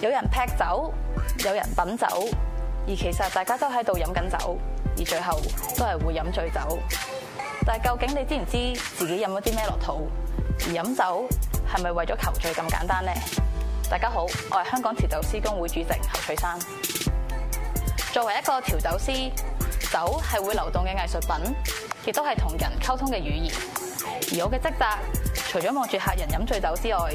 有人劈酒，有人品酒，而其實大家都喺度飲緊酒，而最後都係會飲醉酒。但係究竟你知唔知自己飲咗啲咩落肚？而飲酒係咪為咗求醉咁簡單呢？大家好，我係香港調酒師公會主席侯翠山。作為一個調酒師，酒係會流動嘅藝術品，亦都係同人溝通嘅語言。而我嘅職責，除咗望住客人飲醉酒之外，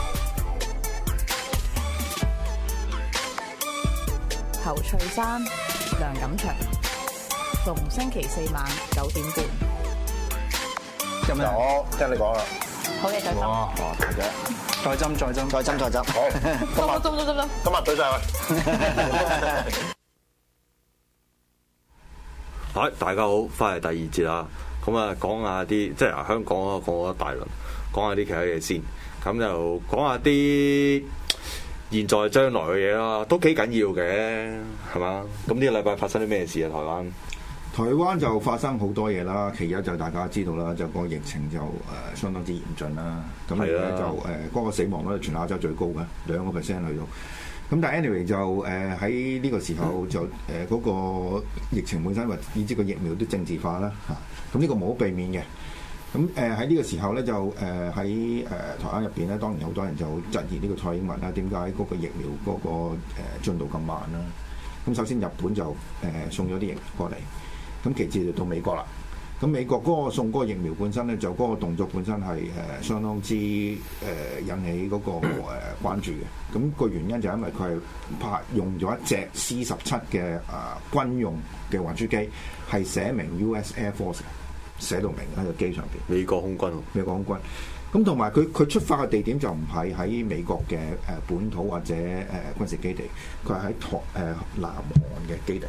侯翠珊、梁錦祥，逢星期四晚九點半。有咩？今天我聽你講啦。好嘢，再斟。再斟、再斟、再斟、再斟。好，今日針都針咯。今日㨃晒佢。係 大家好，翻嚟第二節啊！咁啊，講下啲即係香港啊，講咗一大輪，講下啲其他嘢先。咁就講下啲。現在將來嘅嘢啦，都幾緊要嘅，係嘛？咁呢個禮拜發生啲咩事啊？台灣，台灣就發生好多嘢啦。其一就大家知道啦，就個疫情就誒、呃、相當之嚴峻啦。係啊。咁而家就誒嗰、呃那個死亡率，全亞洲最高嘅兩個 percent 去到。咁但係 anyway 就誒喺呢個時候就誒嗰、呃那個疫情本身或以致個疫苗都政治化啦嚇。咁、啊、呢個冇得避免嘅。咁誒喺呢個時候咧就誒喺誒台灣入邊咧，當然好多人就質疑呢個蔡英文啦，點解嗰個疫苗嗰個誒進度咁慢啦？咁首先日本就誒送咗啲疫苗過嚟，咁其次就到美國啦。咁美國嗰個送嗰個疫苗本身咧，就嗰個動作本身係誒相當之誒引起嗰個誒關注嘅。咁個原因就係因為佢係拍用咗一隻 C 十七嘅誒軍用嘅運輸機，係寫明 US Air Force 嘅。寫到明喺個機上邊。美國空軍，美國空軍。咁同埋佢佢出發嘅地點就唔係喺美國嘅誒本土或者誒軍事基地，佢係喺台誒南韓嘅基地，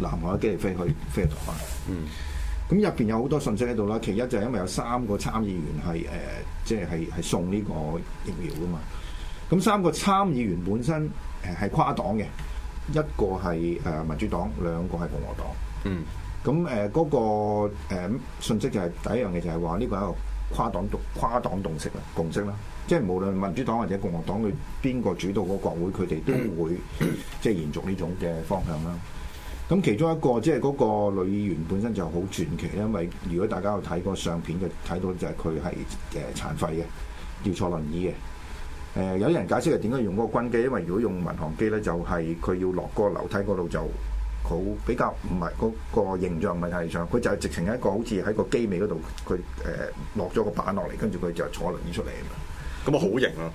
南韓嘅基地飛去飛去台灣。嗯。咁入邊有好多信息喺度啦，其一就係因為有三個參議員係誒，即係係送呢個疫苗噶嘛。咁三個參議員本身誒係跨黨嘅，一個係誒民主黨，兩個係共和黨。嗯。咁誒嗰個誒、呃、信息就係第一樣嘅，就係話呢個係一個跨黨動跨黨動識啦，共識啦。即係無論民主黨或者共和黨佢邊個主導嗰個國會，佢哋都會、嗯、即係延續呢種嘅方向啦。咁其中一個即係嗰個女議員本身就好傳奇，因為如果大家有睇嗰相片，就睇到就係佢係誒殘廢嘅，要坐輪椅嘅。誒、呃、有啲人解釋係點解用嗰個軍機，因為如果用民航機咧，就係、是、佢要落嗰個樓梯嗰度就。好比較唔係嗰個形象，唔係太長，佢就係直情一個好似喺個機尾嗰度，佢誒、呃、落咗個板落嚟，跟住佢就坐輪椅出嚟啊！咁啊，好型咯，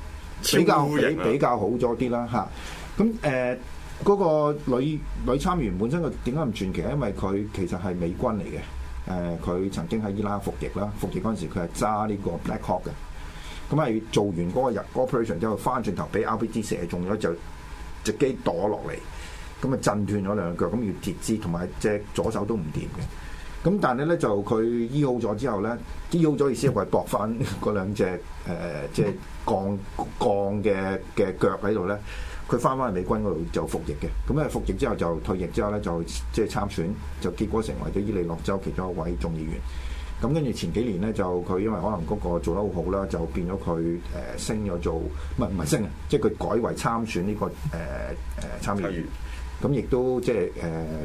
比較比比較好咗啲啦嚇。咁誒嗰個女女參員本身佢點解唔傳奇？因為佢其實係美軍嚟嘅，誒、呃、佢曾經喺伊拉克服役啦，服役嗰陣時佢係揸呢個 Black Hawk 嘅，咁係做完嗰個入 operation 之後，翻轉頭俾 RPG 射中咗，就隻機墮落嚟。咁咪震斷咗兩腳，咁要截肢，同埋隻左手都唔掂嘅。咁但係咧，就佢醫好咗之後咧，醫、嗯、好咗意思係搏翻嗰兩隻即係鋼鋼嘅嘅腳喺度咧。佢翻返去美軍嗰度就服役嘅。咁、嗯、咧服役之後就退役之後咧，就即係參選，就結果成為咗伊利諾州其中一位眾議員。咁跟住前幾年咧，就佢因為可能嗰個做得好好啦，就變咗佢誒升咗做唔係唔係升啊，即係佢改為參選呢、呢個誒誒、呃、參議員。嗯。咁亦都即係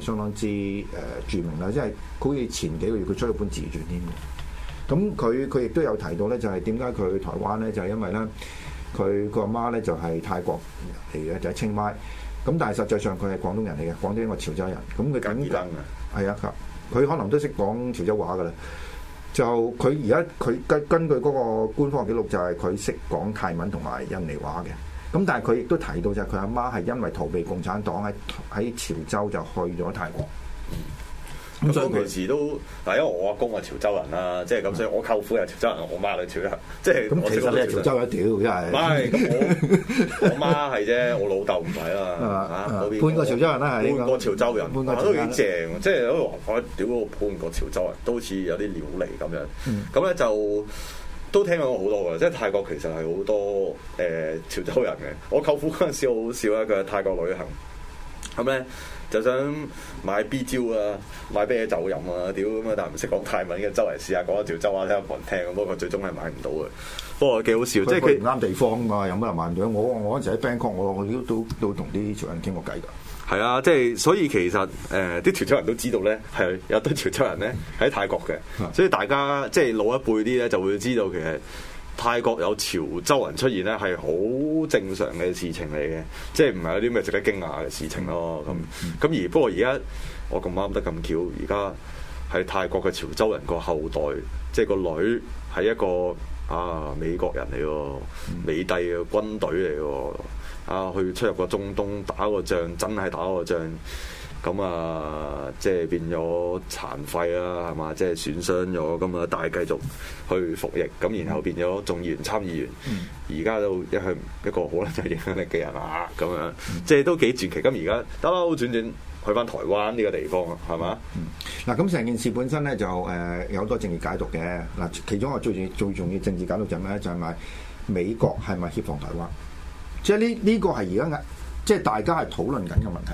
誒相當之誒、呃、著名啦，即係好似前幾個月佢出咗本自傳添嘅。咁佢佢亦都有提到咧，就係點解佢去台灣咧，就係、是、因為咧，佢個阿媽咧就係泰國嚟嘅，就係、是、清邁。咁但係實際上佢係廣東人嚟嘅，廣東一個潮州人。咁佢緊根嘅，係啊，佢可能都識講潮州話㗎啦。就佢而家佢根根據嗰個官方記錄，就係佢識講泰文同埋印尼話嘅。咁但係佢亦都提到就係佢阿媽係因為逃避共產黨喺喺潮州就去咗泰國。咁所以佢都，因為我阿公係潮州人啦，即係咁，所以我舅父係潮州人，我媽係潮州，人，即係咁。其實係潮州人屌，真係。唔係，我媽係啫，我老豆唔係啦嚇。我半個潮州人啦，係半個潮州人，我都幾正，即係我屌嗰半個潮州人都好似有啲料嚟咁樣。咁咧就。都聽講過好多㗎，即係泰國其實係好多誒、欸、潮州人嘅。我舅父嗰陣時好好笑啦，佢去泰國旅行，咁咧就想買 B 招啊，ew，買啤酒飲啊，屌咁啊，但係唔識講泰文嘅，周圍試下講下潮州話睇下有冇人聽咁。不過最終係買唔到嘅，不過幾好笑，即係佢唔啱地方啊嘛，有乜人問咗我？我嗰陣時喺 Bangkok 我我都都同啲潮人傾過偈㗎。係啊，即係所以其實誒啲、呃、潮州人都知道咧，係有啲潮州人咧喺泰國嘅，嗯、所以大家即係老一輩啲咧就會知道其實泰國有潮州人出現咧係好正常嘅事情嚟嘅，即係唔係有啲咩值得驚訝嘅事情咯咁咁、嗯、而不過而家我咁啱得咁巧，而家係泰國嘅潮州人個後代，即係個女係一個啊美國人嚟喎，美帝嘅軍隊嚟喎。啊！去出入個中東打個仗，真係打個仗，咁啊，即係變咗殘廢啦，係嘛？即係損傷咗，咁啊，但係繼續去服役，咁然後變咗眾議員、參議員，而家都一向一個好能就影響力嘅人啦，咁樣、啊，即係都幾傳奇。咁而家兜兜轉轉去翻台灣呢個地方啊，係嘛？嗱、嗯，咁成件事本身咧就誒、呃、有好多政治解讀嘅。嗱，其中一個最最重要政治解讀就係咩咧？就係、是、買美國係咪協防台灣？即係呢，呢個係而家嘅，即係大家係討論緊嘅問題。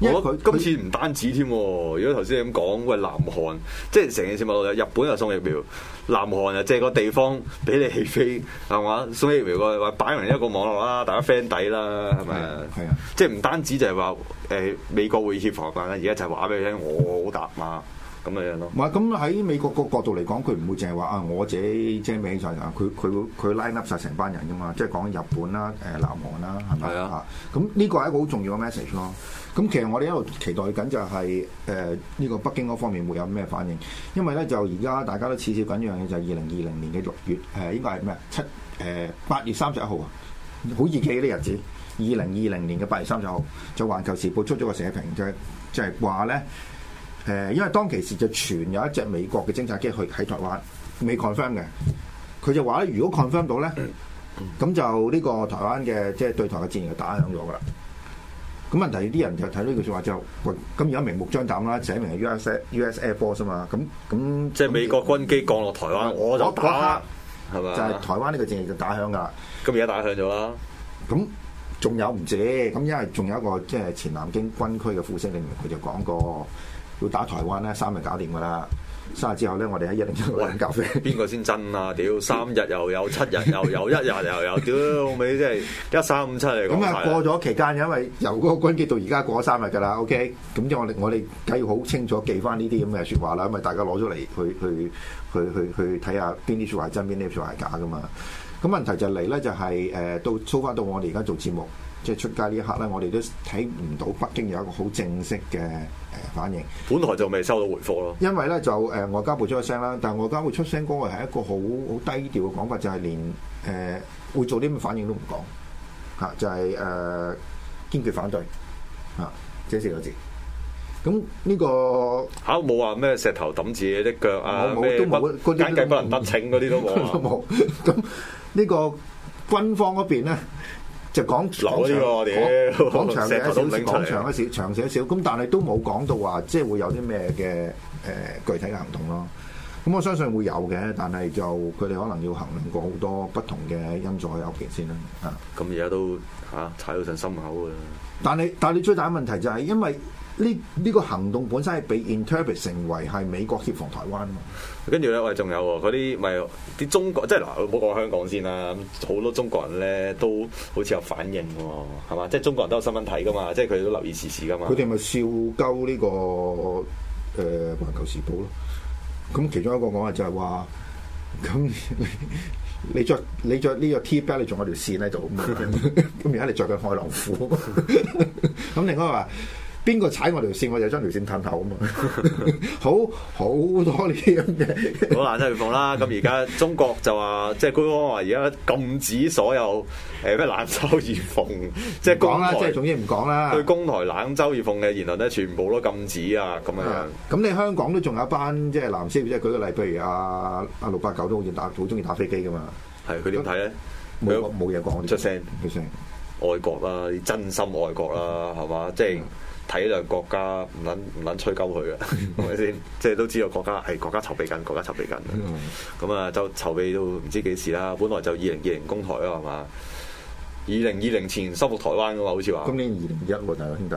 如果佢今次唔單止添，如果頭先咁講，喂，南韓即係成件事咪路日本又送疫苗，南韓又借個地方俾你起飛，係嘛？送疫苗個話擺明一個網絡啦，大家 friend 底啦，係咪？係啊，啊即係唔單止就係話，誒美國會協防架啦，而家就話俾你聽，我好答嘛。咁嘅樣咯，唔係咁喺美國個角度嚟講，佢唔會淨係話啊我自己遮蔽起上噶，佢佢佢 line up 晒成班人噶嘛，即係講日本啦、誒、呃、南韓啦，係咪的啊？咁呢個係一個好重要嘅 message 咯。咁、啊、其實我哋一路期待緊就係誒呢個北京嗰方面會有咩反應，因為咧就而家大家都似笑緊一樣嘢，就係二零二零年嘅六月誒，應該係咩？七誒八月三十一號啊，好熱氣啲日子，二零二零年嘅八月三十一號，就環球時報出咗個社評，就係、就係話咧。誒，因為當其時就傳有一隻美國嘅偵察機去喺台灣，未 confirm 嘅。佢就話咧，如果 confirm 到咧，咁、嗯嗯、就呢個台灣嘅即係對台嘅戰役就打響咗啦。咁問題啲人就睇到呢句説話就，咁而家明目張膽啦，寫明係 US US Air Force 啫嘛。咁咁即係美國軍機降落台灣，那我就打，係咪吧就係台灣呢個戰役就打響噶。咁而家打響咗啦。咁仲有唔止？咁因為仲有一個即係、就是、前南京軍區嘅副司令，佢就講過。要打台灣咧，三日搞掂噶啦！三日之後咧，我哋喺一零一嗰度交飛。邊個先真啊？屌，三日又有七日，又有 一日，又有屌！尾即係一三五七嚟。咁啊，過咗期間，因為由嗰個軍機到而家過咗三日噶啦。OK，咁即我哋我哋梗要好清楚記翻呢啲咁嘅説話啦，因為大家攞咗嚟去去去去去睇下邊啲説話係真，邊啲説話係假噶嘛。咁問題就嚟咧，就係、是、誒到操翻到，到我哋而家做節目。即係出街呢一刻咧，我哋都睇唔到北京有一個好正式嘅誒反應。本來就未收到回覆咯。因為咧就誒外交部出咗聲啦，但係外交部出聲嗰個係一個好好低調嘅講法，就係連誒會做啲咩反應都唔講嚇，就係誒堅決反對嚇，即四個字。咁呢個嚇冇話咩石頭抌自己啲腳啊咩不奸計不能得逞嗰啲都冇。咁呢個軍方嗰邊咧？就講講呢個長少少，講長少長少少，咁但係都冇講到話，即係會有啲咩嘅誒具體嘅行動咯。咁我相信會有嘅，但係就佢哋可能要衡量過好多不同嘅因素喺屋企先啦。啊，咁而家都嚇踩到上心口嘅。但係但係，你最大嘅問題就係因為。呢呢個行動本身係被 interpret 成為係美國協防台灣啊嘛，跟呢，跟住咧，喂，仲有嗰啲咪啲中國，即係嗱，冇講香港先啦，好多中國人咧都好似有反應喎，係嘛？即係中國人都有新聞睇噶嘛，即係佢哋都留意時事噶嘛。佢哋咪笑鳩呢、這個誒、呃《環球時報》咯。咁其中一個講嘅就係話，咁你着你著呢個 T 恤，你仲有條線喺度咁，而 家你着緊開浪褲。咁 另外話。邊個踩我條線，我就將條線探頭咁嘛？好好多呢啲咁嘅，好難周而復啦。咁而家中國就話，即係官方話，而家禁止所有誒咩冷嘲熱諷。即係講啦，即係總之唔講啦。對公台冷嘲熱諷嘅言論咧，全部都禁止啊！咁樣。咁你香港都仲有一班即係藍絲，即係舉個例，譬如阿阿六八九都好中打，好中意打飛機噶嘛。係佢點睇咧？冇冇嘢講，有出聲出聲，愛國啦，真心愛國啦，係嘛？即係。體諒國家唔捻唔捻吹鳩佢嘅，係咪先？即係都知道國家係國家籌備緊，國家籌備緊。咁啊， 嗯、就籌備到唔知幾時啦。本來就二零二零攻台啊嘛，二零二零前收復台灣噶嘛，好似話。今年二零二一喎，大佬兄弟。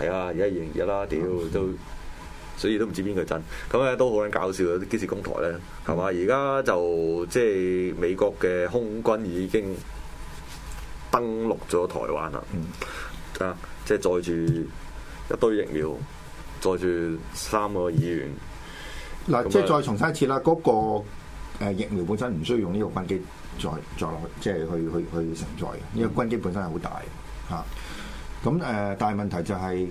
係啊，而家二零二一啦，屌 都，所以都唔知邊個真。咁、嗯、咧、嗯嗯、都好捻搞笑嘅，幾時攻台咧？係嘛，而家、嗯、就即係、就是、美國嘅空軍已經登陸咗台灣啦。啊、嗯。嗯嗯即係載住一堆疫苗，載住三個議員。嗱，即係再重申一次啦，嗰、那個誒疫苗本身唔需要用呢個軍機再載落去，即係去去去承載嘅，因為軍機本身係好大吓。咁、啊、誒，但係問題就係、是，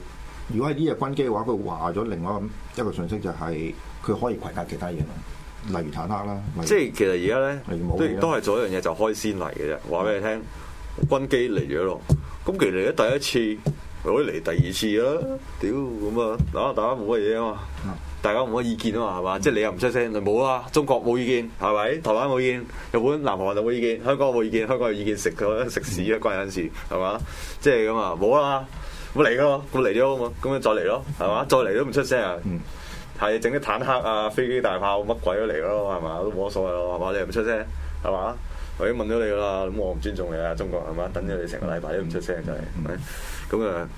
如果係呢隻軍機嘅話，佢話咗另外一個信息就係，佢可以攜帶其他嘢咯，例如坦克啦。即係其實而家咧，都都係做一樣嘢，就是、開先嚟嘅啫。話俾你聽，嗯、軍機嚟咗咯。咁其實咧，第一次。可以嚟第二次啦，屌咁啊，大家冇乜嘢啊嘛，大家冇乜意見啊嘛，係嘛？嗯、即係你又唔出聲，冇啊！中國冇意見，係咪？台灣冇意見，日本、南韓就冇意見，香港冇意見，香港有意見食佢食屎啊！關人事係嘛？即係咁啊，冇啊，冇嚟噶，冇嚟咗啊嘛，咁樣再嚟咯，係嘛？再嚟都唔出聲啊，係整啲坦克啊、飛機、大炮乜鬼都嚟咯，係嘛？都冇乜所謂咯，係嘛？你又唔出聲，係嘛？我已經問咗你啦，咁我唔尊重你啊，中國係嘛？等咗你成個禮拜都唔出聲，真係。嗯咁啊，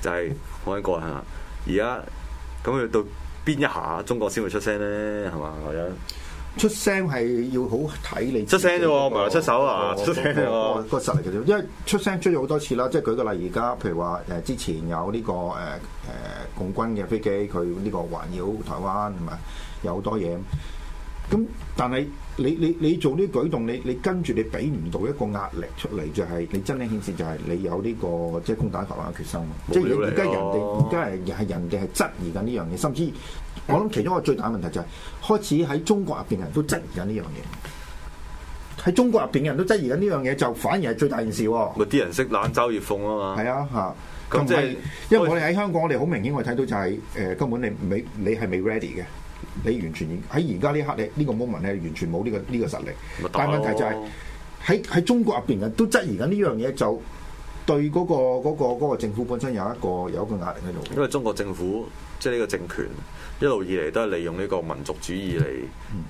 就係我一個人嚇，而家咁去到邊一下，中國先會出聲咧，係嘛？或者出聲係要好睇你、嗰個、出聲啫喎、哦，唔係話出手啊，出聲個實力其實，因為出聲出咗好多次啦，即係舉個例，而家譬如話誒之前有呢、呢個誒誒、呃、共軍嘅飛機，佢呢個環繞台灣同埋有好多嘢。咁，但係你你你做呢啲舉動，你你跟住你俾唔到一個壓力出嚟，就係、是、你真正顯示就係你有呢、這個即係攻打台灣嘅決心即冇而家、哦、人哋而家係係人哋係質疑緊呢樣嘢，甚至我諗其中一個最大問題就係、是、開始喺中國入邊人都質疑緊呢樣嘢。喺中國入邊人都質疑緊呢樣嘢，就反而係最大件事喎。咪啲人識冷嘲熱諷啊嘛？係啊嚇。咁即係因為我哋喺香港，我哋好明顯我睇到就係、是、誒、呃、根本你未你係未 ready 嘅。你完全喺而家呢刻，你呢個 moment 咧，完全冇呢個呢個實力。但係問題就係喺喺中國入邊嘅都質疑緊呢樣嘢，就對嗰個嗰個嗰個政府本身有一個有一個壓力喺度。因為中國政府即係呢個政權一路以嚟都係利用呢個民族主義嚟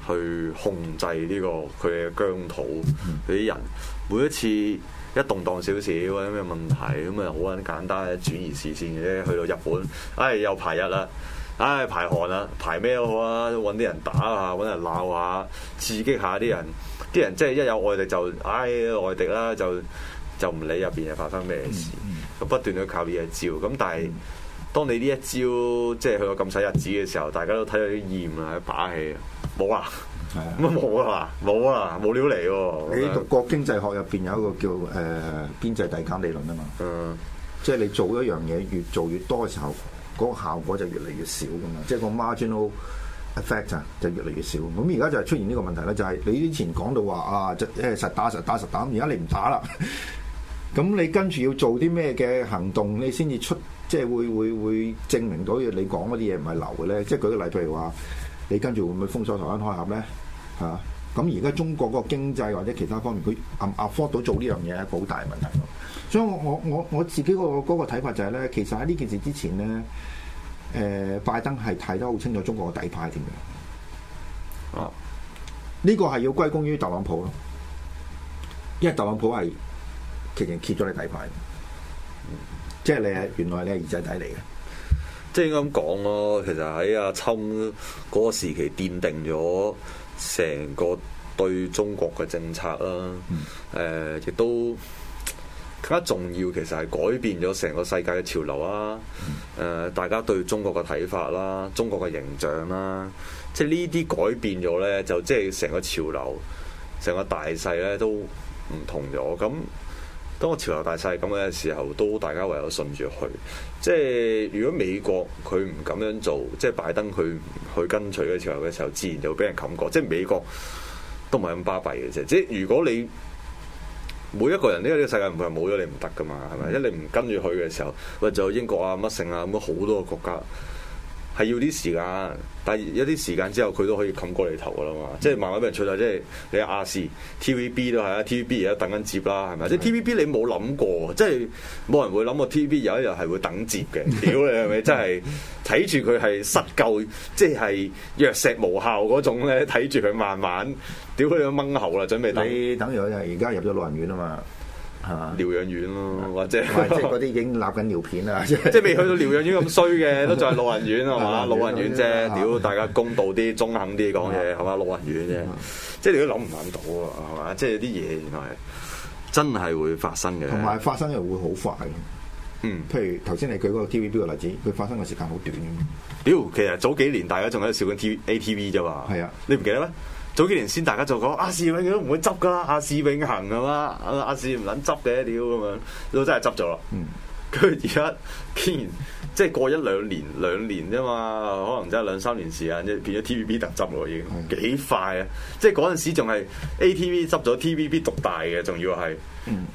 去控制呢個佢嘅疆土佢啲人。每一次一動盪少少或者咩問題，咁啊好簡單嘅轉移視線嘅啫，去到日本，唉又排日啦。唉，排汗啊，排咩都好啊，搵啲人打下，搵人鬧下，刺激下啲人。啲人即係一有外敵就唉，外敵啦、啊，就就唔理入邊係發生咩事，咁、嗯、不斷去靠呢一招。咁但係當你呢一招即係去到咁細日子嘅時候，大家都睇到啲厭啊，啲把戲啊，冇啊，咁冇、哎、呀 啊，冇啊，冇料嚟。你讀過經濟學入邊有一個叫誒邊際遞減理論啊嘛，嗯、即係你做一樣嘢越做越多嘅時候。嗰個效果就越嚟越少咁啊，即係個 marginal effect 啊，就越嚟越少。咁而家就係出現呢個問題咧，就係、是、你之前講到話啊，即係實打實打實打，而家你唔打啦，咁 你跟住要做啲咩嘅行動，你先至出，即係會會會證明到你講嗰啲嘢唔係流嘅咧。即係舉個例，譬如話你跟住會唔會封鎖台灣開合咧？嚇、啊，咁而家中國嗰個經濟或者其他方面，佢 afford 到做呢樣嘢，係好大問題。所以我我我我自己個嗰個睇法就係咧，其實喺呢件事之前咧，誒，拜登係睇得好清楚中國嘅底牌點樣。哦、啊，呢個係要歸功於特朗普咯，因為特朗普係其實揭咗你底牌。即係你係原來你係二仔底嚟嘅，即係應該咁講咯。其實喺阿秋嗰個時期奠定咗成個對中國嘅政策啦，誒、嗯，亦、呃、都。更加重要，其實係改變咗成個世界嘅潮流啊！誒、呃，大家對中國嘅睇法啦，中國嘅形象啦，即係呢啲改變咗咧，就即係成個潮流、成個大勢咧都唔同咗。咁當個潮流大勢咁嘅時候，都大家唯有順住去。即係如果美國佢唔咁樣做，即係拜登佢去跟隨嘅潮流嘅時候，自然就俾人冚過。即係美國都唔係咁巴閉嘅啫。即係如果你。每一個人都喺呢個世界唔會係冇咗你唔得噶嘛，係咪？因、嗯、為你唔跟住佢嘅時候，喂就英國啊乜城啊咁樣好多個國家。係要啲時間，但係一啲時間之後佢都可以冚過你頭噶啦嘛，即係慢慢俾人出曬。即係你亞視、TVB 都係啦，TVB 而家等緊接啦，係咪？即係 TVB 你冇諗過，即係冇人會諗過 TVB 有一日係會等接嘅。屌 你係咪真係睇住佢係失救，即係藥石無效嗰種咧？睇住佢慢慢，屌佢 都掹喉啦，準備你等住佢係而家入咗老人院啊嘛！係啊，療養院咯，或者，或者嗰啲已經立緊尿片啦，即係未去到療養院咁衰嘅，都仲係老人院係嘛？老人院啫，屌，大家公道啲、中肯啲講嘢係嘛？老人院啫，即係你都諗唔諗到啊，係嘛？即係啲嘢原來係真係會發生嘅，同埋發生又會好快。嗯，譬如頭先你舉嗰個 TVB 嘅例子，佢發生嘅時間好短。屌，其實早幾年大家仲喺度笑緊 ATV 啫嘛，係啊，你唔記得咩？早幾年先大家就講亞視永遠都唔會執㗎啦，阿、啊、視永恒咁啦，亞視唔撚執嘅屌咁樣，都真係執咗啦。佢而家竟然 即係過一兩年，兩年啫嘛，可能真係兩三年時間，即變咗 TVB 特執咯，已經幾快啊！即係嗰陣時仲係 ATV 執咗 TVB 獨大嘅，仲要係，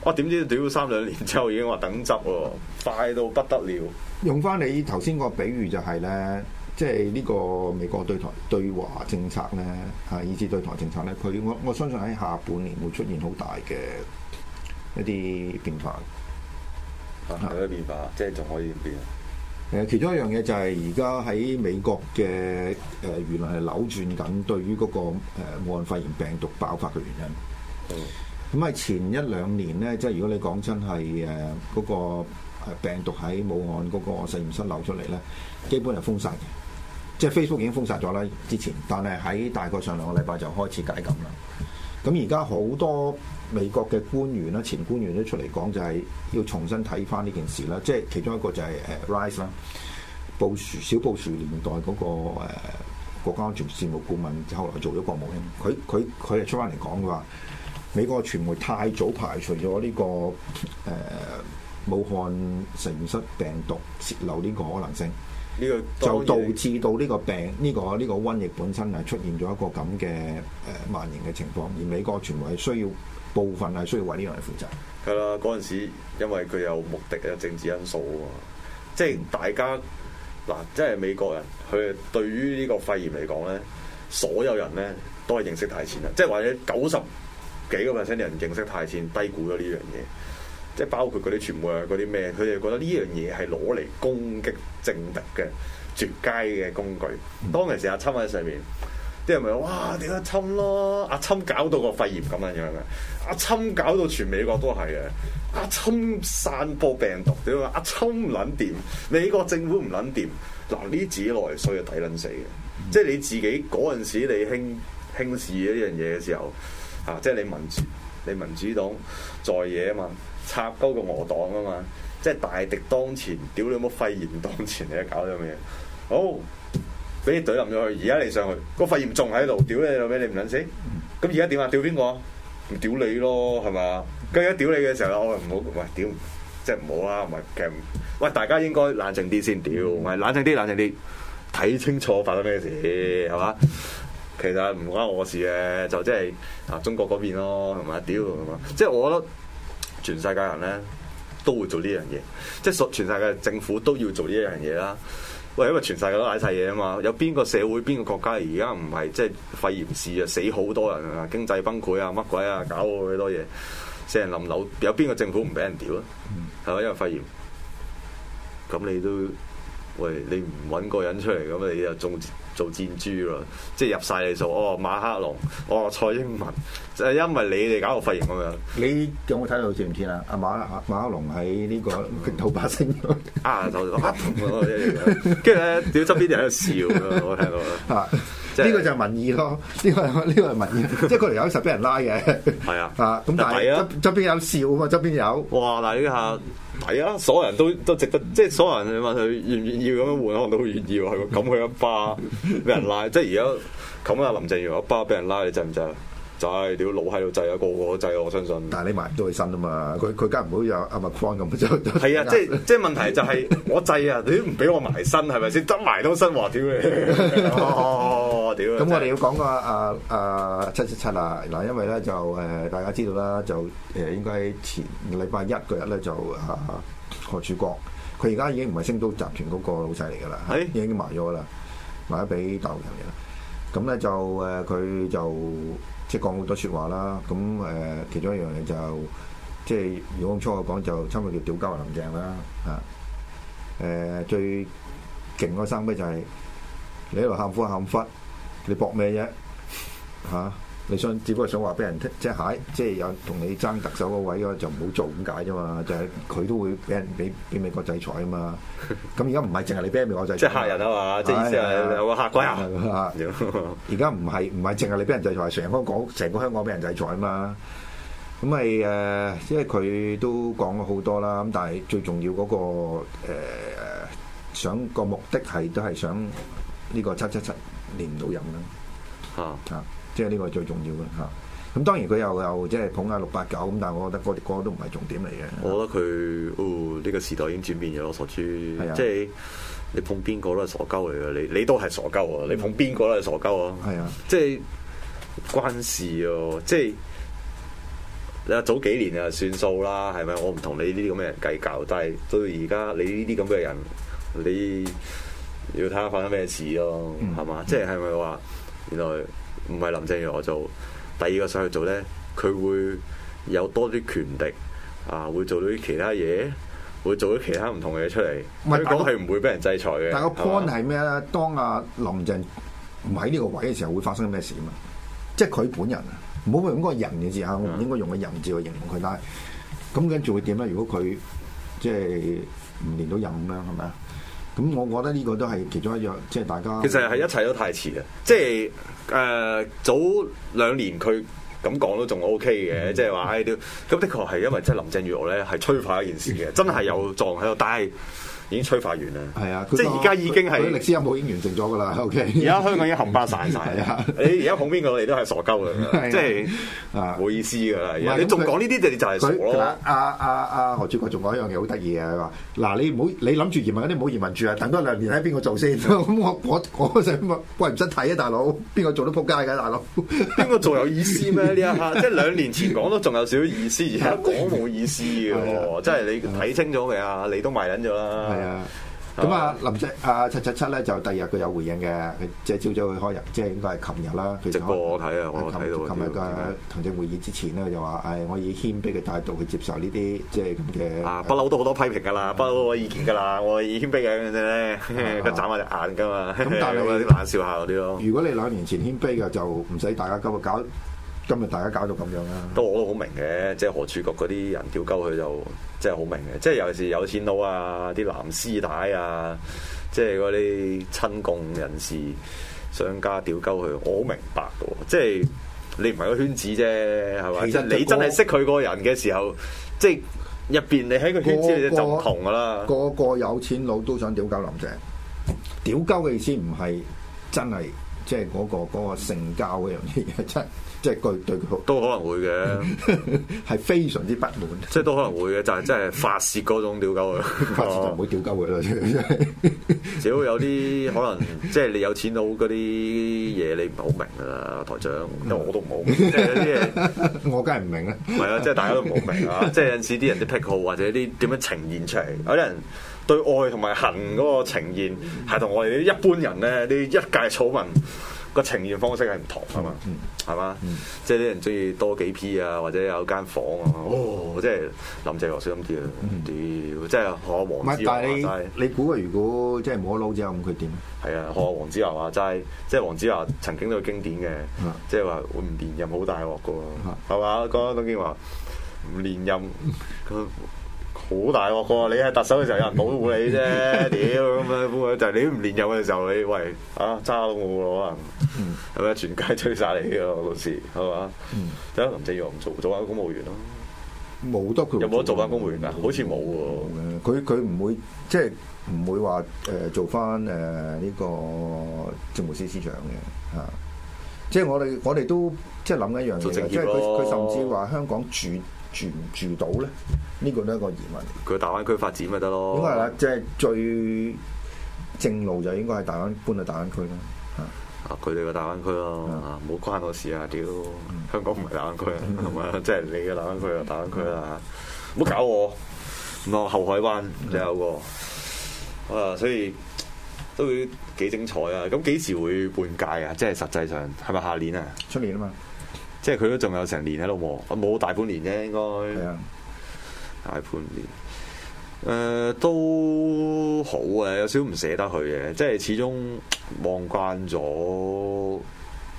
我、啊、點知屌三兩年之後已經話等執喎，快到不得了。用翻你頭先個比喻就係咧。即係呢個美國對台對華政策咧，啊，以至對台政策咧，佢我我相信喺下半年會出現好大嘅一啲變化。嚇，有咩變化？即係仲可以變啊？誒、啊，其中一樣嘢就係而家喺美國嘅誒輿論係扭轉緊，對於嗰、嗰個誒武漢、呃、肺炎病毒爆發嘅原因。咁啊、嗯，前一兩年咧，即係如果你講真係誒嗰個病毒喺武漢嗰個實驗室流出嚟咧，基本係封殺嘅。即係 Facebook 已經封殺咗啦，之前，但係喺大概上兩個禮拜就開始解禁啦。咁而家好多美國嘅官員啦、前官員都出嚟講，就係、是、要重新睇翻呢件事啦。即係其中一個就係誒 Rice 啦，布殊小布殊年代嗰、那個誒、呃、國家安全事務顧問，後來做咗國務卿，佢佢佢係出翻嚟講話，美國傳媒太早排除咗呢、這個誒、呃、武漢實驗室病毒泄漏呢個可能性。這個、就導致到呢個病，呢、這個呢個瘟疫本身係出現咗一個咁嘅誒蔓延嘅情況，而美國全部係需要部分係需要為呢樣嘢負責。係啦，嗰陣時因為佢有目的嘅政治因素、嗯、啊，即係大家嗱，即係美國人佢對於呢個肺炎嚟講咧，所有人咧都係認識太淺啦，即係或者九十幾個 percent 嘅人認識太淺，低估咗呢樣嘢。即係包括嗰啲傳媒啊，嗰啲咩？佢哋覺得呢樣嘢係攞嚟攻擊政敵嘅絕佳嘅工具。當其時阿侵喺上面，啲人咪話：哇！點解侵咯？阿侵搞到個肺炎咁樣樣嘅，阿侵搞到全美國都係嘅，阿侵散播病毒點啊？阿侵唔撚掂，美國政府唔撚掂嗱，呢啲自己攞嚟衰啊抵撚死嘅，嗯、即係你自己嗰陣時你輕輕視呢樣嘢嘅時候啊，即係你民主你民主黨在野啊嘛。插高個鵝黨啊嘛，即係大敵當前，屌 你有冇肺炎當前你啊？搞咗咩嘢，好俾啲隊冧咗佢，而家你上去，個肺炎仲喺度，屌你老味，你唔捻死？咁而家點啊？屌邊個？屌你咯，係嘛？跟住而家屌你嘅時候，我話唔好，喂，屌，即係唔好啊，唔係其實喂，大家應該冷靜啲先，屌，唔係冷靜啲，冷靜啲，睇清楚發生咩事，係嘛？其實唔關我事嘅，就即係啊中國嗰邊咯，係嘛？屌，即係我覺得。全世界人咧都會做呢樣嘢，即係所全世界政府都要做呢一樣嘢啦。喂，因為全世界都嗌晒嘢啊嘛，有邊個社會、邊個國家而家唔係即係肺炎事啊死好多人啊，經濟崩潰啊，乜鬼啊搞好多嘢，死人冧樓有邊個政府唔俾人屌啊？係咪、嗯？因為肺炎，咁你都，喂，你唔揾個人出嚟，咁你又中？做箭豬咯，即係入晒嚟做哦。馬克龍，哦蔡英文，就係、是、因為你哋搞個肺炎咁樣。你有冇睇到似唔似啊？阿馬阿馬克龍喺呢個老百姓度啊，跟住咧，屌側邊人喺度笑，我聽到啊。 呢個就係民意咯，呢個呢個係民意，即係佢哋有一時俾人拉嘅，係啊是，啊咁但係側邊有笑啊嘛，側邊有，哇！嗱呢下係啊， 所有人都都值得，即係所有人你問佢願唔願意咁樣換我都願意喎，咁佢一巴俾 人拉， 即係而家咁啊林鄭要一巴俾人拉，你制唔制？就係屌老喺度滯啊，個個都滯啊！我相信。但係你埋唔到佢身啊嘛，佢佢梗唔好有阿馬遜咁。係啊，即係 即係問題就係我滯啊，你唔俾我埋身係咪先？得埋到新喎，屌你！屌！咁我哋要講個阿阿七七七啊嗱，因為咧就誒大家知道啦，就誒應該前禮拜一嗰日咧就、uh, 何柱國，佢而家已經唔係星島集團嗰個老細嚟㗎啦，是已經賣咗啦，賣咗俾大陸人嚟啦。咁咧就誒佢就。啊即係講好多説話啦，咁誒，其中一樣嘢就，即係如果咁粗口講就，差唔多叫屌鳩林鄭啦，嚇，誒、啊啊、最勁嗰個生咩？就係、是，你喺度喊苦喊忽，你搏咩啫，嚇、啊？你想，只不過想話俾人聽，即係嚇，即係有同你爭特首嗰位咯，就唔好做咁解啫嘛。就係、是、佢都會俾人俾俾美國制裁啊嘛。咁而家唔係淨係你俾美國制裁。即係嚇人啊嘛， 即係、哎、呀意思係有個客鬼啊！而家唔係唔係淨係你俾人制裁，成個港、成個香港俾人制裁啊嘛。咁咪誒，即係佢都講咗好多啦。咁但係最重要嗰、那個、呃、想個目的係都係想呢個七七七年唔到飲啦。啊 即係呢個係最重要嘅吓。咁、嗯、當然佢又有即係捧下六八九咁，9, 但係我覺得嗰啲歌都唔係重點嚟嘅。我覺得佢呢，哦，這個時代已經轉變咗，傻豬，是啊、即係你捧邊個都係傻鳩嚟嘅，你你都係傻鳩，你捧邊個都係傻鳩。係是啊即，即係關事啊，即係你話早幾年啊算數啦，係咪？我唔同你呢啲咁嘅人計較，但係到而家你呢啲咁嘅人，你要睇下發生咩事咯，係嘛？即係係咪話原來？唔係林鄭月娥，我做。第二個上去做咧，佢會有多啲權力啊，會做啲其他嘢，會做啲其他唔同嘅嘢出嚟。唔係講，但係唔會俾人制裁嘅。但係是吧個 point 係咩咧？當阿林鄭唔喺呢個位嘅時候，會發生咩事啊？即係佢本人啊，唔好用嗰個人嘅字啊，我唔、嗯、應該用個人字去形容佢。但係咁跟住會點咧？如果佢即係唔連到任咧，咁樣係咪啊？咁我覺得呢個都係其中一樣，即係大家其實係一切都太遲啦。即係誒早兩年佢咁講都仲 OK 嘅，即係話誒都咁的確係因為即係林鄭月娥咧係催化一件事嘅，真係有撞喺度，但係已經催化完啦，係啊！即係而家已經係歷史任務已經完成咗噶啦。O K，而家香港已經冚巴散晒啦。你而家捧邊個，我哋都係傻鳩噶，即係啊，冇意思噶啦。你仲講呢啲就係就係傻咯。阿阿阿何主席仲講一樣嘢好得意嘅，佢話：嗱，你唔好你諗住移民，你唔好移民住啊！等多兩年喺邊個做先？咁我我我喂，唔使睇啊，大佬，邊個做得撲街嘅大佬？邊個做有意思咩？呢一即係兩年前講都仲有少少意思，而家講冇意思嘅。即係你睇清楚嘅啊，你都埋緊咗啦。係 啊，咁啊林鄭啊七七七咧就第二日佢有回應嘅，佢即係朝早佢開日，即係應該係琴日啦。佢直播我睇啊，我睇到琴日嘅行政會議之前咧，在就話誒、哎，我以謙卑嘅態度去接受呢啲即係咁嘅不嬲都好多批評噶啦，不嬲我意見噶啦，我以謙卑嘅咁嘅啫咧，佢眨下隻眼噶嘛。咁、嗯、 但係你冷笑下嗰啲咯。如果你兩年前謙卑嘅就唔使大家今日搞。今日大家搞到咁樣啦、啊，都我都好明嘅，即係何處局嗰啲人屌鳩佢就真係好明嘅，即係尤其是有錢佬啊、啲藍絲帶啊，即係嗰啲親共人士、商家屌鳩佢，我好明白嘅，即係你唔係個圈子啫，係嘛？其實你真係識佢個人嘅時候，那個、即係入邊你喺個圈子咧就唔同噶啦、那個。個、那個有錢佬都想屌鳩林鄭，屌鳩嘅意思唔係真係即係嗰個嗰、那個性交嗰樣嘢，真。即係對佢都可能會嘅，係 非常之不滿。即係都可能會嘅，就係即係發泄嗰種屌鳩嘅， 發泄就唔會屌鳩佢啦。 只會有啲可能，即係你有錢佬嗰啲嘢，你唔係好明噶啦，台長。因為我都唔好明， 即 我梗係唔明啦。係 啊，即係大家都唔好明啊！ 即係有時啲人啲癖好，或者啲點樣呈現出嚟，有啲人對愛同埋恨嗰個呈現，係同我哋一般人咧，啲一介草民。個呈現方式係唔同啊嘛，係嘛？即係啲人中意多幾 P 啊，或者有間房啊，哦，即係林鄭落水咁啲啦，屌！即係學下黃子華你估啊？如果即係冇得撈之後咁，佢點？係啊，學下黃子華話齋，即係黃子華曾經都係經典嘅，即係話會唔連任好大鑊噶喎，係嘛？講緊董建華唔連任佢。好大鑊噶！你喺特首嘅時候有人保護你啫，屌，咁樣咁樣就係你唔連任嘅時候你喂啊揸到我可能，係咪？嗯、全街追晒你啊，老師，係嘛？就、嗯、林鄭月娥唔做，做下公務員咯，冇得佢有冇做翻公務員啊？好似冇喎，佢佢唔會即係唔會話誒做翻誒呢個政務司司長嘅吓，即係、就是、我哋我哋都即係諗一樣嘢，即係佢佢甚至話香港轉。住唔住到咧？呢個都係一個疑問。佢大灣區發展咪得咯？應該係啦，即係最正路就應該係大灣搬去大灣區啦。啊，佢哋個大灣區咯，唔好關我事啊！屌，香港唔係大灣區，同埋即係你嘅大灣區就大灣區啦，唔好搞我。我後海灣你有個啊，所以都幾精彩啊！咁幾時會換屆啊？即係實際上係咪下年啊？出年啊嘛。即係佢都仲有成年喺度望，冇大半年啫，應該係啊大半年。誒、呃，都好啊，有少少唔捨得佢嘅，即係始終望慣咗，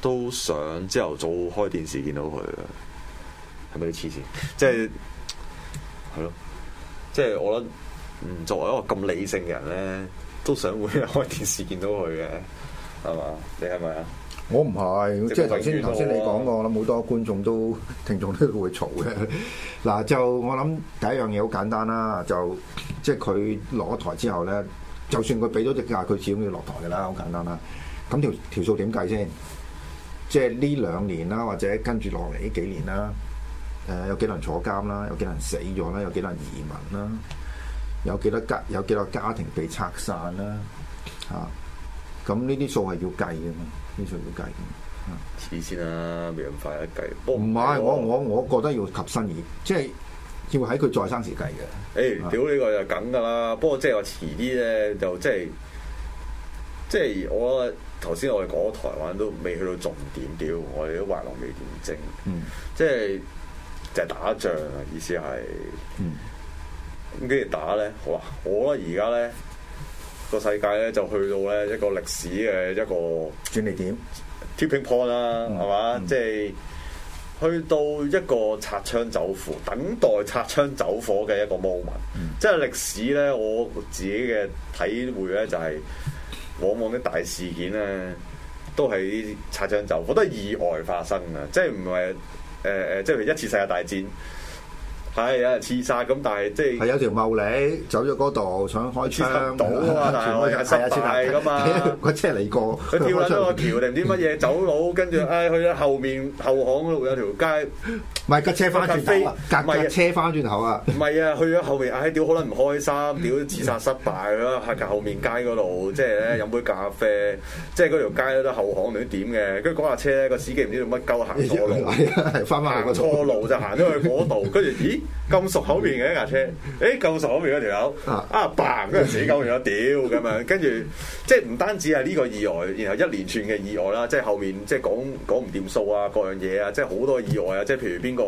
都想朝頭早開電視見到佢啊。係咪你痴線？即係係咯，即係、就是、我諗，嗯，作為一個咁理性嘅人咧，都想會開電視見到佢嘅，係嘛？你係咪啊？我唔係，即係頭先頭先你講過，我諗好多觀眾都聽眾都會嘈嘅。嗱， 就我諗第一樣嘢好簡單啦，就即係佢落咗台之後咧，就算佢俾咗隻價，佢始終要落台嘅啦，好簡單啦。咁條條數點計先？即係呢兩年啦，或者跟住落嚟呢幾年啦，誒、呃、有幾多人坐監啦，有幾多人死咗啦，有幾多人移民啦，有幾多家有幾多家庭被拆散啦，嚇、啊。咁呢啲數係要計嘅。呢場都計，遲啲先啦，未咁快一計。唔係過我我我覺得要及身意，即係要喺佢在生時計嘅。誒、欸，屌呢、嗯、個就梗噶啦。嗯、不過即係我遲啲咧，就即係、嗯、即係我頭先我哋講台灣都未去到重點，屌我哋都畫龍未點睛。嗯，即係就係打仗啊，意思係。嗯。咁跟住打咧，好啊！我覺得而家咧。個世界咧就去到咧一個歷史嘅一個轉捩點 tipping point 啦，係嘛？即係去到一個擦槍走火，等待擦槍走火嘅一個 moment。嗯、即係歷史咧，我自己嘅體會咧，就係、是、往往啲大事件咧都係擦槍走火，都係意外發生啊！即係唔係誒誒，即係一次世界大戰。係有人刺殺咁，但係即係有條茂利走咗嗰度，想開槍，到啊嘛。但係我又失敗嘅嘛。架車嚟過，佢跳揾一個橋定唔知乜嘢走佬，跟住唉去咗後面後巷嗰度有條街。唔係架車翻轉頭啊！架架車翻轉頭啊！唔係啊！去咗後面唉！屌，可能唔開心，屌自殺失敗啦。喺後面街嗰度，即係咧飲杯咖啡，即係嗰條街都得後巷嗰啲點嘅。跟住嗰架車咧，個司機唔知做乜鳩行嚟，錯路，行錯路就行咗去嗰度，跟住咦？咁熟口面嘅一架車，誒，咁熟口面嗰條友，啊嘭，啊跟住死鳩咗，屌咁樣，跟住即係唔單止係呢個意外，然後一連串嘅意外啦，即係後面即係講講唔掂數啊，各樣嘢啊，即係好多意外啊，即係譬如邊個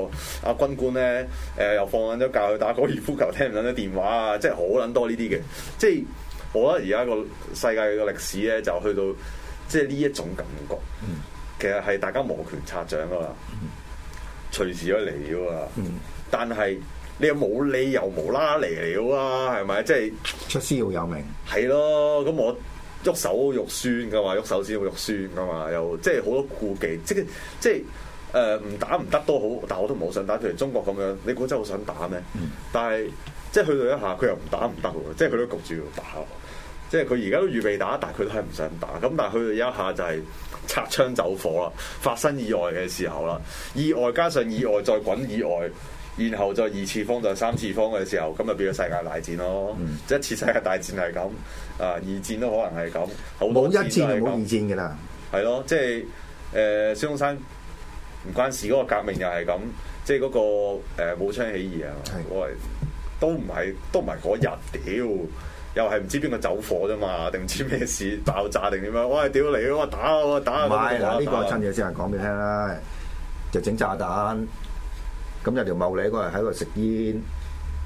阿軍官咧，誒、呃、又放緊咗假去打高爾夫球，聽唔到啲電話啊，即係好捻多呢啲嘅，即係我覺得而家個世界嘅歷史咧，就去到即係呢一種感覺，其實係大家摩拳擦掌噶啦，隨時都嚟噶啦。嗯但係你又冇理由無啦啦嚟㗎喎，係咪？即係出師要有名。係咯，咁我喐手肉酸㗎嘛，喐手先會肉酸㗎嘛，又即係好多顧忌。即係即係誒，唔打唔得多好，但係我都唔好想打。譬如中國咁樣，你估真係好想打咩？但係即係去到一下，佢又唔打唔得喎。即係佢都焗住要打。即係佢而家都預備打，但係佢都係唔想打。咁但係去到一下就係擦槍走火啦，發生意外嘅時候啦，意外加上意外再滾意外。然後再二次方就三次方嘅時候，咁就變咗世界大戰咯。嗯、一次世界大戰係咁，啊二戰都可能係咁，好冇一戰都冇二戰嘅啦。係咯，即係誒，孫、呃、中山唔關事嗰、那個革命又係咁，即係嗰、那個誒、呃、武昌起義係嘛的？都唔係都唔係嗰日，屌，又係唔知邊個走火啫嘛？定唔知咩事爆炸定點樣？哇、哎！屌嚟，我打，打，打，打，打、啊這個、我打，唔係嗱呢個趁嘢先，講俾你聽啦，就整炸彈。咁、嗯、有條茂利哥喺度食煙，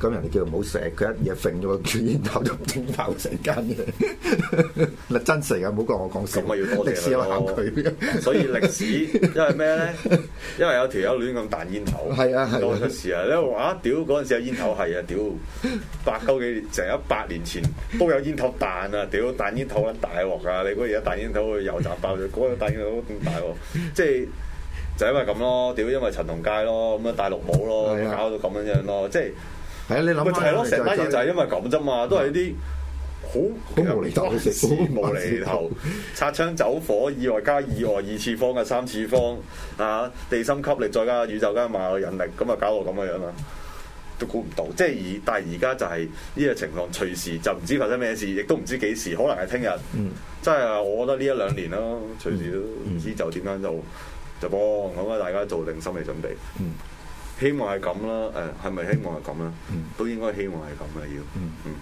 咁人哋叫佢唔好食，佢一嘢揈咗個煙頭就頭整爆成間嘅。嗱 真實嘅，唔好講我講笑。咁我要多謝歷佢，所以歷史因為咩咧？ 因為有條友亂咁彈煙頭。係啊係啊，當出事啊！你話啊屌，嗰陣時有煙頭係啊屌，八九幾年成一百年前都有煙頭彈啊屌彈煙頭啊大鑊㗎！你估而家彈煙頭油炸爆咗，嗰、嗰個彈煙頭咁大鑊，即係。就因為咁咯，屌，因為陳同佳咯，咁啊大陸冇咯，搞到咁樣樣咯，即係係啊，你諗就係咯，成班嘢就係因為咁啫嘛，都係啲好好無厘頭嘅事，無厘頭擦槍走火意外加意外二次方嘅三次方啊，地心吸力再加宇宙加萬有引力，咁啊搞到咁嘅樣啦，都估唔到，即係而但係而家就係呢個情況隨時就唔知發生咩事，亦都唔知幾時，可能係聽日，即係我覺得呢一兩年咯，隨時都唔知就點樣就。就幫咁啊！大家做定心理準備。嗯、希望係咁啦。誒，係咪希望係咁咧？嗯、都應該希望係咁嘅要。嗯，嗯，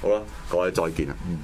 好啦，各位再見啊。嗯